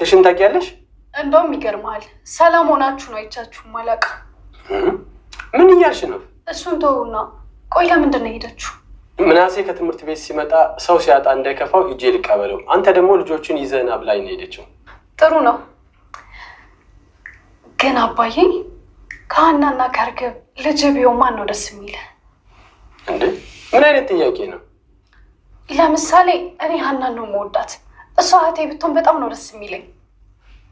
ትሽን ታውቂያለሽ? እንደውም ይገርመሃል፣ ሰላም ሆናችሁ ነው አይቻችሁም አላውቅም። ምን እያልሽ ነው? እሱን ተውና፣ ቆይ ለምንድን ነው የሄደችው? ምናሴ ከትምህርት ቤት ሲመጣ ሰው ሲያጣ እንዳይከፋው ሂጄ ልቀበለው፣ አንተ ደግሞ ልጆቹን ይዘህና ብላኝ ነው የሄደችው። ጥሩ ነው ግን አባዬ፣ ከሀናና ከእርግብ ልጅ ቢሆን ማን ነው ደስ የሚል? እንዴ ምን አይነት ጥያቄ ነው? ለምሳሌ እኔ ሀናን ነው መወዳት እሷ እህቴ ብትሆን በጣም ነው ደስ የሚለኝ።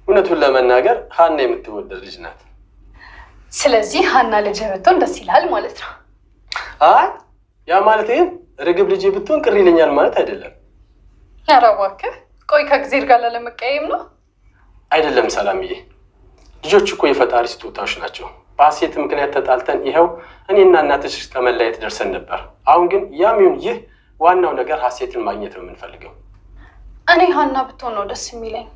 እውነቱን ለመናገር ሀና የምትወደድ ልጅ ናት። ስለዚህ ሀና ልጅ ብትሆን ደስ ይላል ማለት ነው። አይ ያ ማለት ይህም ርግብ ልጅ ብትሆን ቅር ይለኛል ማለት አይደለም። ኧረ እባክህ ቆይ ከእግዜር ጋር ላለመቀያየም ነው አይደለም። ሰላምዬ ልጆች እኮ የፈጣሪ ስጦታዎች ናቸው። በሀሴት ምክንያት ተጣልተን ይኸው እኔና እናትሽ እስከ መለያየት ደርሰን ነበር። አሁን ግን ያም ይሁን ይህ ዋናው ነገር ሀሴትን ማግኘት ነው የምንፈልገው። እኔ ሀና ብትሆን ነው ደስ የሚለኝ፣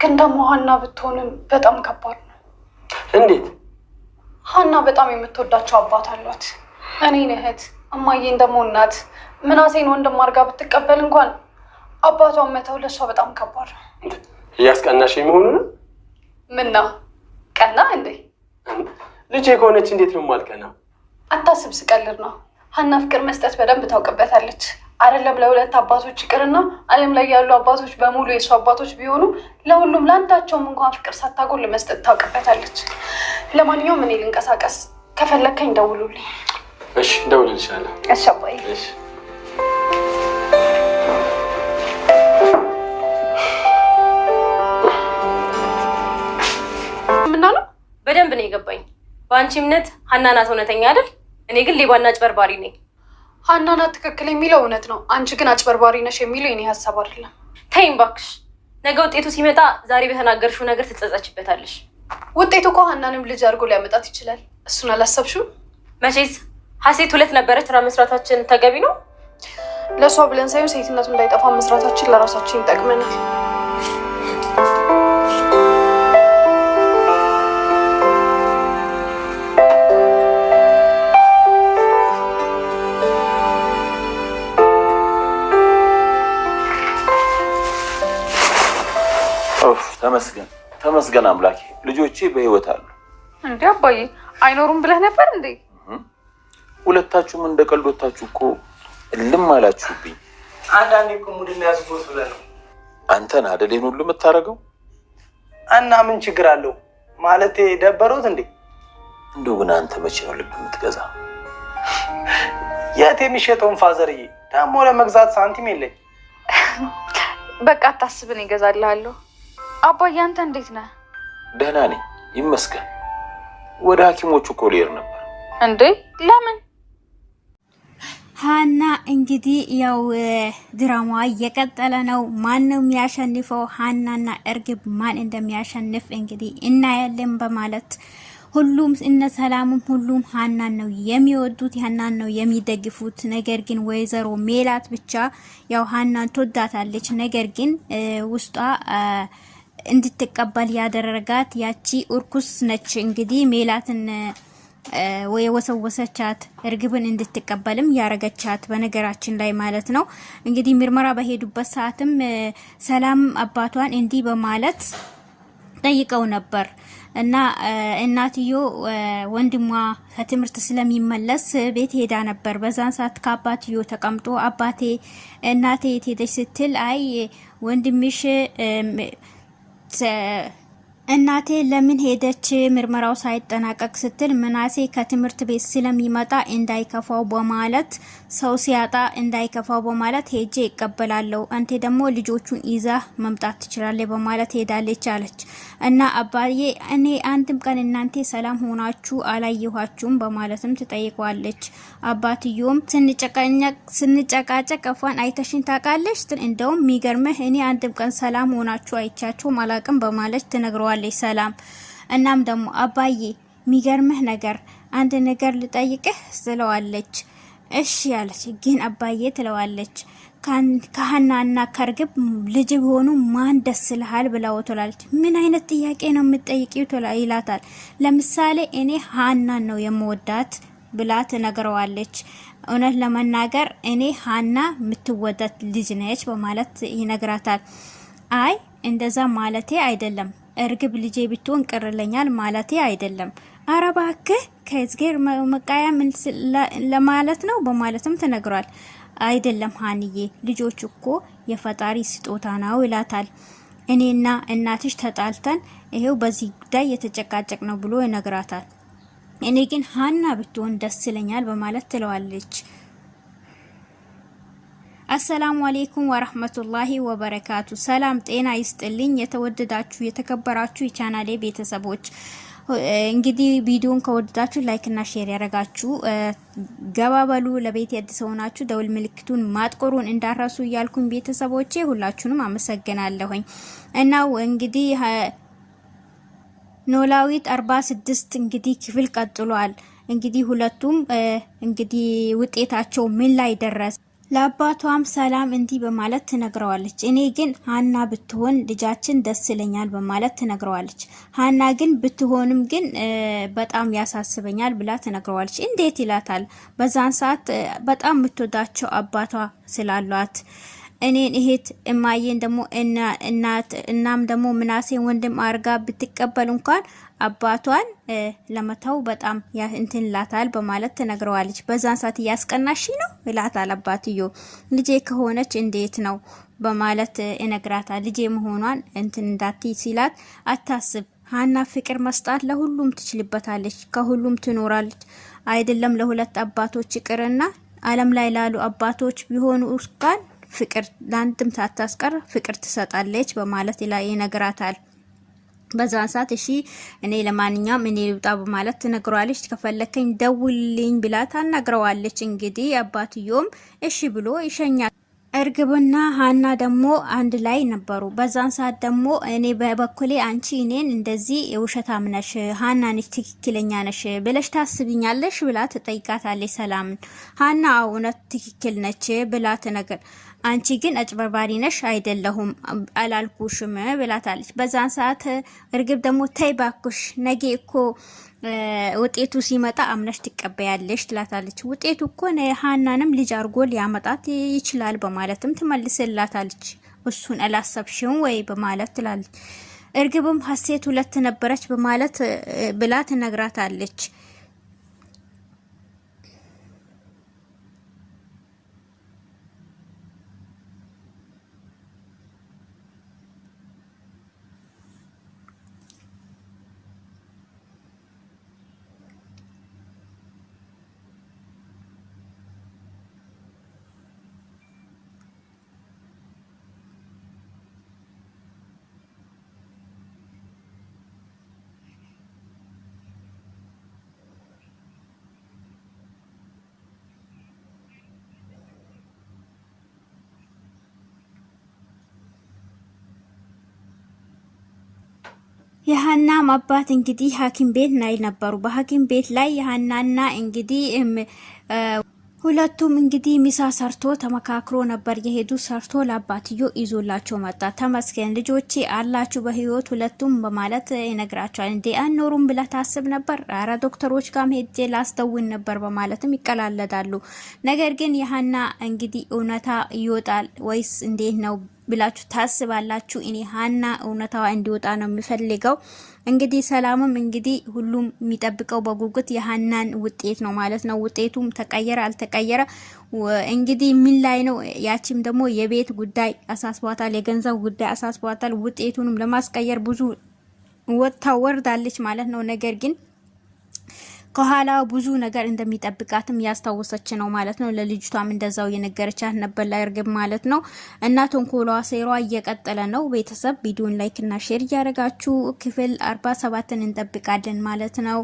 ግን ደግሞ ሀና ብትሆንም በጣም ከባድ ነው። እንዴት? ሀና በጣም የምትወዳቸው አባት አሏት። እኔን እህት፣ እማዬን ደግሞ እናት፣ ምናሴን ወንድም አድርጋ ብትቀበል እንኳን አባቷን መተው ለእሷ በጣም ከባድ ነው። እያስቀናሽ መሆኑ ነው። ምና ቀና እንዴ? ልጄ ከሆነች እንዴት ነው የማልቀናው? አታስብ፣ ስቀልድ ነው ሀና ፍቅር መስጠት በደንብ ታውቅበታለች። አይደለም ለሁለት አባቶች ይቅርና ዓለም ላይ ያሉ አባቶች በሙሉ የእሱ አባቶች ቢሆኑ ለሁሉም ለአንዳቸውም እንኳን ፍቅር ሳታጎል መስጠት ታውቅበታለች። ለማንኛውም እኔ ልንቀሳቀስ፣ ከፈለግከኝ ደውሉልኝ። እሺ፣ እደውልልሻለሁ። እሺ አባዬ። ምናለው በደንብ ነው የገባኝ። በአንቺ እምነት ሀና ናት እውነተኛ አይደል? እኔ ግን ሌባና አጭበርባሪ ነኝ። ሀና ናት ትክክል የሚለው እውነት ነው። አንቺ ግን አጭበርባሪ ነሽ የሚለው የኔ ሀሳብ አይደለም። ተይም ባክሽ። ነገ ውጤቱ ሲመጣ ዛሬ በተናገርሽው ነገር ትጸጸችበታለሽ። ውጤቱ እኮ ሀናንም ልጅ አድርጎ ሊያመጣት ይችላል። እሱን አላሰብሽው? መቼስ ሀሴት ሁለት ነበረች። ስራ መስራታችን ተገቢ ነው። ለእሷ ብለን ሳይሆን ሴትነቱ እንዳይጠፋ መስራታችን ለራሳችን ይጠቅመናል። ተመስገን ተመስገን አምላኬ፣ ልጆቼ በህይወት አሉ። እንዴ አባዬ አይኖሩም ብለህ ነበር እንዴ? ሁለታችሁም እንደ ቀልዶታችሁ እኮ እልም አላችሁብኝ። አንዳንዴ እኮ ሙድ ሊያዝቦት ብለህ ነው። አንተን አደሌን ሁሉ የምታደርገው እና ምን ችግር አለው ማለት ደበሮት እንዴ? እንደው ግን አንተ መቼ ነው ልብ የምትገዛ? የት የሚሸጠውን ፋዘርዬ፣ ደግሞ ለመግዛት ሳንቲም የለኝ። በቃ አታስብን፣ ይገዛልሃለሁ አባዬ አንተ እንዴት ነህ? ደህና ነኝ ይመስገን። ወደ ሐኪሞቹ እኮ ልሄድ ነበር። እንዴ ለምን? ሀና እንግዲህ ያው ድራማ እየቀጠለ ነው። ማን ነው የሚያሸንፈው? ሀናና እርግብ ማን እንደሚያሸንፍ እንግዲህ እናያለን በማለት ሁሉም እነ ሰላሙም ሁሉም ሀናን ነው የሚወዱት፣ ሀናን ነው የሚደግፉት። ነገር ግን ወይዘሮ ሜላት ብቻ ያው ሀናን ትወዳታለች፣ ነገር ግን ውስጧ እንድትቀበል ያደረጋት ያቺ እርኩስ ነች። እንግዲህ ሜላትን ወሰወሰቻት እርግብን እንድትቀበልም ያረገቻት በነገራችን ላይ ማለት ነው። እንግዲህ ምርመራ በሄዱበት ሰዓትም ሰላም አባቷን እንዲህ በማለት ጠይቀው ነበር እና እናትዮ ወንድሟ ከትምህርት ስለሚመለስ ቤት ሄዳ ነበር። በዛን ሰዓት ከአባትዮ ተቀምጦ አባቴ እናቴ የት ሄደች ስትል አይ ወንድምሽ 这。እናቴ ለምን ሄደች ምርመራው ሳይጠናቀቅ ስትል ምናሴ ከትምህርት ቤት ስለሚመጣ እንዳይከፋው በማለት ሰው ሲያጣ እንዳይከፋው በማለት ሄጄ ይቀበላለሁ፣ አንቴ ደግሞ ልጆቹን ይዛ መምጣት ትችላለች በማለት ሄዳለች አለች እና አባዬ እኔ አንድም ቀን እናንቴ ሰላም ሆናችሁ አላየኋችሁም በማለትም ትጠይቋለች። አባትዮም ስንጨቃጨቅ ቀፏን አይተሽን ታውቃለች? እንደውም የሚገርምህ እኔ አንድም ቀን ሰላም ሆናችሁ አይቻችሁም አላቅም በማለት ትነግረዋል። ትለዋለች ሰላም። እናም ደግሞ አባዬ የሚገርምህ ነገር አንድ ነገር ልጠይቅህ ትለዋለች። እሺ ያለች ግን አባዬ ትለዋለች። ከሀና እና ከርግብ ልጅ ቢሆኑ ማን ደስ ልሃል ብላው ትላለች። ምን አይነት ጥያቄ ነው የምትጠይቂው ይላታል። ለምሳሌ እኔ ሀናን ነው የምወዳት ብላ ትነግረዋለች። እውነት ለመናገር እኔ ሀና የምትወዳት ልጅ ነች በማለት ይነግራታል። አይ እንደዛ ማለቴ አይደለም እርግብ ልጄ ብትሆን ቅርለኛል ማለቴ አይደለም። አረ እባክህ ከእዝጌር መቃያ ለማለት ነው በማለትም ተነግሯል። አይደለም ሀንዬ፣ ልጆች እኮ የፈጣሪ ስጦታ ነው ይላታል። እኔና እናትሽ ተጣልተን ይሄው በዚህ ጉዳይ የተጨቃጨቅ ነው ብሎ ይነግራታል። እኔ ግን ሀና ብትሆን ደስ ይለኛል በማለት ትለዋለች። አሰላሙ አሌይኩም ወረህመቱላሂ ወበረካቱ። ሰላም ጤና ይስጥልኝ። የተወደዳችሁ የተከበራችሁ የቻናሌ ቤተሰቦች እንግዲህ ቪዲዮን ከወደዳችሁ ላይክ እና ሼር ያደረጋችሁ ገባበሉ። ለቤት አዲስ ሆናችሁ ደውል ምልክቱን ማጥቆሩን እንዳረሱ እያልኩኝ ቤተሰቦቼ ሁላችሁንም አመሰግናለሁኝ። እናው እንግዲህ ኖላዊት አርባ ስድስት እንግዲህ ክፍል ቀጥሏል። እንግዲህ ሁለቱም እንግዲህ ውጤታቸው ምን ላይ ደረሰ? ለአባቷም ሰላም እንዲህ በማለት ትነግረዋለች። እኔ ግን ሀና ብትሆን ልጃችን ደስ ይለኛል በማለት ትነግረዋለች። ሀና ግን ብትሆንም ግን በጣም ያሳስበኛል ብላ ትነግረዋለች። እንዴት ይላታል። በዛን ሰዓት በጣም የምትወዳቸው አባቷ ስላሏት እኔን እህት እማዬን ደግሞ እናት እናም ደግሞ ምናሴን ወንድም አርጋ ብትቀበል እንኳን አባቷን ለመተው በጣም እንትን ላታል በማለት ትነግረዋለች። በዛን ሰዓት እያስቀናሽ ነው ላታል አባትዮ። ልጄ ከሆነች እንዴት ነው በማለት እነግራታል። ልጄ መሆኗን እንትን እንዳት ሲላት አታስብ ሀና ፍቅር መስጣት ለሁሉም ትችልበታለች፣ ከሁሉም ትኖራለች። አይደለም ለሁለት አባቶች ይቅርና ዓለም ላይ ላሉ አባቶች ቢሆኑ እንኳን ፍቅር ለአንድም ሳታስቀር ፍቅር ትሰጣለች በማለት ይነግራታል። በዛን ሰዓት እሺ እኔ ለማንኛውም እኔ ልውጣ በማለት ትነግረዋለች። ከፈለከኝ ደውልኝ ብላ ታናግረዋለች። እንግዲህ አባትዮም እሺ ብሎ ይሸኛል። እርግብና ሀና ደግሞ አንድ ላይ ነበሩ። በዛን ሰዓት ደግሞ እኔ በበኩሌ አንቺ እኔን እንደዚህ ውሸታም ነሽ፣ ሀና ነች ትክክለኛ ነሽ ብለሽ ታስብኛለሽ ብላ ትጠይቃታለች ሰላምን። ሀና እውነት ትክክል ነች ብላት ነገር አንቺ ግን አጭበርባሪ ነሽ አይደለሁም አላልኩሽም ብላታለች። በዛን ሰዓት እርግብ ደግሞ ተይ ባኩሽ እኮ ውጤቱ ሲመጣ አምነሽ ትቀበያለሽ ትላታለች። ውጤቱ እኮ ሀናንም ልጅ አድርጎ ሊያመጣት ይችላል በማለትም ትመልስላታለች። እሱን አላሰብሽም ወይ በማለት ትላለች። እርግብም ሀሴት ሁለት ነበረች በማለት ብላ ትነግራታለች። የሀናም አባት እንግዲህ ሐኪም ቤት ላይ ነበሩ። በሐኪም ቤት ላይ የሀናና እንግዲህ ሁለቱም እንግዲህ ሚሳ ሰርቶ ተመካክሮ ነበር የሄዱ። ሰርቶ ለአባትዮ ይዞላቸው መጣ። ተመስገን ልጆቼ አላችሁ በህይወት ሁለቱም በማለት ይነግራቸዋል። እንዴ አኖሩም ብለ ታስብ ነበር? አረ ዶክተሮች ጋር ሄጄ ላስተውን ነበር በማለትም ይቀላለዳሉ። ነገር ግን የሀና እንግዲህ እውነታ ይወጣል ወይስ እንዴት ነው ብላችሁ ታስባላችሁ? እኔ ሀና እውነታዋ እንዲወጣ ነው የምፈልገው። እንግዲህ ሰላምም እንግዲህ ሁሉም የሚጠብቀው በጉጉት የሀናን ውጤት ነው ማለት ነው። ውጤቱም ተቀየረ አልተቀየረ እንግዲህ ምን ላይ ነው? ያቺም ደግሞ የቤት ጉዳይ አሳስቧታል፣ የገንዘብ ጉዳይ አሳስቧታል። ውጤቱንም ለማስቀየር ብዙ ወጥታ ወርዳለች ማለት ነው ነገር ግን ከኋላ ብዙ ነገር እንደሚጠብቃትም ያስታወሰች ነው ማለት ነው። ለልጅቷም እንደዛው የነገረቻት ነበር ላይ ማለት ነው። እና ተንኮሏ ሴሯ እየቀጠለ ነው። ቤተሰብ ቪዲዮን ላይክና ሼር እያደረጋችሁ ክፍል አርባ ሰባትን እንጠብቃለን ማለት ነው።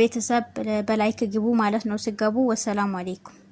ቤተሰብ በላይክ ግቡ ማለት ነው። ስገቡ ወሰላሙ አሌይኩም